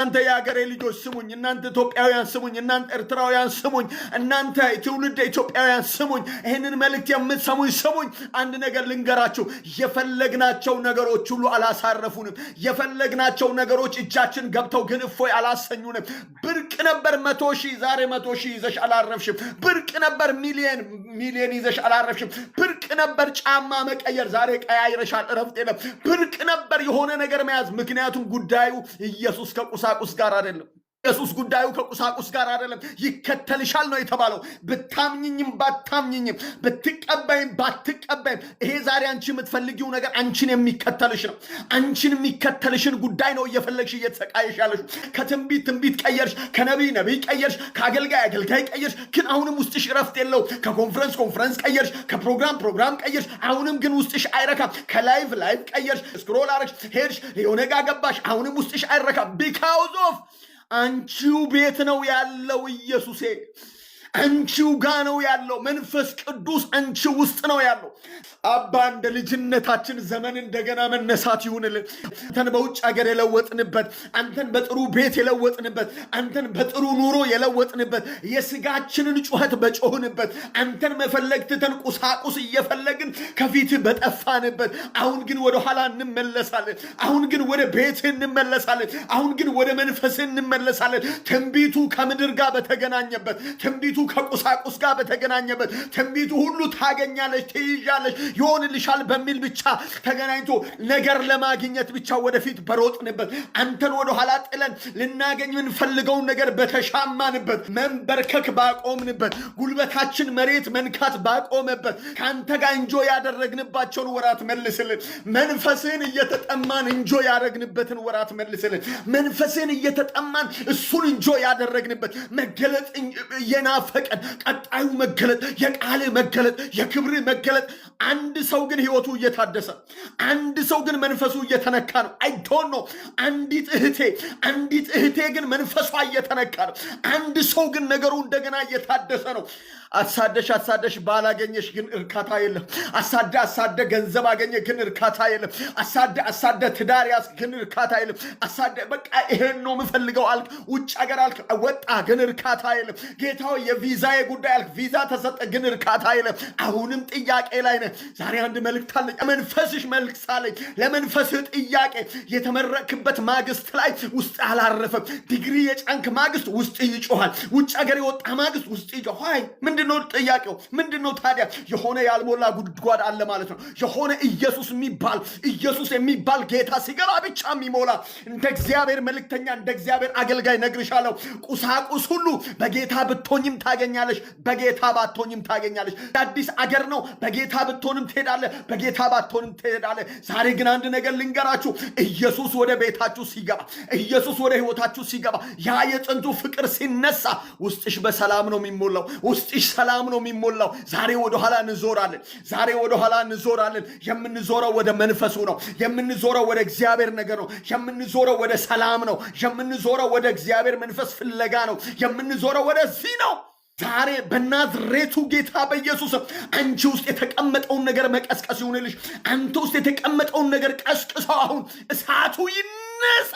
እናንተ የሀገሬ ልጆች ስሙኝ፣ እናንተ ኢትዮጵያውያን ስሙኝ፣ እናንተ ኤርትራውያን ስሙኝ፣ እናንተ ትውልድ ኢትዮጵያውያን ስሙኝ፣ ይህንን መልእክት የምትሰሙኝ ስሙኝ። አንድ ነገር ልንገራችሁ፣ የፈለግናቸው ነገሮች ሁሉ አላሳረፉንም። የፈለግናቸው ነገሮች እጃችን ገብተው ግን እፎይ አላሰኙንም። ብርቅ ነበር መቶ ሺህ ዛሬ መቶ ሺህ ይዘሽ አላረፍሽም። ብርቅ ነበር ሚሊየን ሚሊየን ይዘሽ አላረፍሽም። ብርቅ ነበር ጫማ መቀየር፣ ዛሬ ቀያይረሻል። እረፍት የለም። ብርቅ ነበር የሆነ ነገር መያዝ፣ ምክንያቱም ጉዳዩ ኢየሱስ ከቁሳቁስ ጋር አይደለም። ኢየሱስ ጉዳዩ ከቁሳቁስ ጋር አይደለም። ይከተልሻል ነው የተባለው። ብታምኝኝም ባታምኝኝም፣ ብትቀበይም ባትቀበይም፣ ይሄ ዛሬ አንቺ የምትፈልጊው ነገር አንቺን የሚከተልሽ ነው። አንቺን የሚከተልሽን ጉዳይ ነው እየፈለግሽ እየተሰቃየሽ ያለሽ። ከትንቢት ትንቢት ቀየርሽ፣ ከነቢይ ነቢይ ቀየርሽ፣ ከአገልጋይ አገልጋይ ቀየርሽ፣ ግን አሁንም ውስጥሽ እረፍት የለው። ከኮንፈረንስ ኮንፈረንስ ቀየርሽ፣ ከፕሮግራም ፕሮግራም ቀየርሽ፣ አሁንም ግን ውስጥሽ አይረካም። ከላይቭ ላይቭ ቀየርሽ፣ ስክሮል አረግሽ፣ ሄድሽ፣ የሆነ ጋ ገባሽ፣ አሁንም ውስጥሽ አይረካም ቢካውዝ ኦፍ አንቺው ቤት ነው ያለው ኢየሱሴ አንቺው ጋ ነው ያለው። መንፈስ ቅዱስ አንቺ ውስጥ ነው ያለው። አባ እንደ ልጅነታችን ዘመን እንደገና መነሳት ይሁንልን። አንተን በውጭ ሀገር የለወጥንበት፣ አንተን በጥሩ ቤት የለወጥንበት፣ አንተን በጥሩ ኑሮ የለወጥንበት፣ የስጋችንን ጩኸት በጮህንበት፣ አንተን መፈለግ ትተን ቁሳቁስ እየፈለግን ከፊት በጠፋንበት፣ አሁን ግን ወደኋላ እንመለሳለን። አሁን ግን ወደ ቤት እንመለሳለን። አሁን ግን ወደ መንፈስ እንመለሳለን። ትንቢቱ ከምድር ጋር በተገናኘበት ትንቢቱ ከቁሳቁስ ጋር በተገናኘበት ትንቢቱ ሁሉ ታገኛለች፣ ትይዣለች፣ ይሆንልሻል በሚል ብቻ ተገናኝቶ ነገር ለማግኘት ብቻ ወደፊት በሮጥንበት አንተን ወደኋላ ጥለን ልናገኝ የምንፈልገውን ነገር በተሻማንበት መንበርከክ ባቆምንበት ጉልበታችን መሬት መንካት ባቆመበት ከአንተ ጋር እንጆ ያደረግንባቸውን ወራት መልስልን። መንፈስህን እየተጠማን እንጆ ያደረግንበትን ወራት መልስልን። መንፈስህን እየተጠማን እሱን እንጆ ያደረግንበት መገለጥ የናፈ ናፈቀን። ቀጣዩ መገለጥ፣ የቃል መገለጥ፣ የክብር መገለጥ አንድ ሰው ግን ህይወቱ እየታደሰ አንድ ሰው ግን መንፈሱ እየተነካ ነው። አይቶን ነው። አንዲት እህቴ አንዲት እህቴ ግን መንፈሷ እየተነካ ነው። አንድ ሰው ግን ነገሩ እንደገና እየታደሰ ነው። አሳደሽ አሳደሽ ባላገኘሽ ግን እርካታ የለም። አሳደ አሳደ ገንዘብ አገኘ ግን እርካታ የለም። አሳደ አሳደ ትዳር ያስ ግን እርካታ የለም። አሳደ በቃ ይሄን ነው የምፈልገው አልክ፣ ውጭ ሀገር አልክ፣ ወጣ ግን እርካታ የለም። ጌታው የቪዛ ጉዳይ አልክ፣ ቪዛ ተሰጠ ግን እርካታ የለም። አሁንም ጥያቄ ላይ ነ ዛሬ አንድ መልእክት አለ። ለመንፈስሽ መልእክት አለኝ። ለመንፈስህ ጥያቄ የተመረክበት ማግስት ላይ ውስጥ አላረፈም። ዲግሪ የጫንክ ማግስት ውስጥ ይጮኋል። ውጭ ሀገር የወጣ ማግስት ውስጥ ይጮኋል። ምንድነው ጥያቄው? ምንድነው ታዲያ? የሆነ ያልሞላ ጉድጓድ አለ ማለት ነው። የሆነ ኢየሱስ የሚባል ኢየሱስ የሚባል ጌታ ሲገባ ብቻ የሚሞላ እንደ እግዚአብሔር መልክተኛ እንደ እግዚአብሔር አገልጋይ ነግርሻለሁ። ቁሳቁስ ሁሉ በጌታ ብትሆኝም ታገኛለሽ፣ በጌታ ባትሆኝም ታገኛለሽ። አዲስ አገር ነው በጌታ ባትሆንም ትሄዳለ፣ በጌታ ባትሆንም ትሄዳለ። ዛሬ ግን አንድ ነገር ልንገራችሁ። ኢየሱስ ወደ ቤታችሁ ሲገባ፣ ኢየሱስ ወደ ህይወታችሁ ሲገባ፣ ያ የጥንቱ ፍቅር ሲነሳ ውስጥሽ በሰላም ነው የሚሞላው። ውስጥሽ ሰላም ነው የሚሞላው። ዛሬ ወደኋላ እንዞራለን። ዛሬ ወደኋላ እንዞራለን። የምንዞረው ወደ መንፈሱ ነው። የምንዞረው ወደ እግዚአብሔር ነገር ነው። የምንዞረው ወደ ሰላም ነው። የምንዞረው ወደ እግዚአብሔር መንፈስ ፍለጋ ነው። የምንዞረው ወደዚህ ነው። ዛሬ በናዝሬቱ ጌታ በኢየሱስ አንቺ ውስጥ የተቀመጠውን ነገር መቀስቀስ ይሁንልሽ። አንተ ውስጥ የተቀመጠውን ነገር ቀስቅሰው አሁን እሳቱ ይነሳ።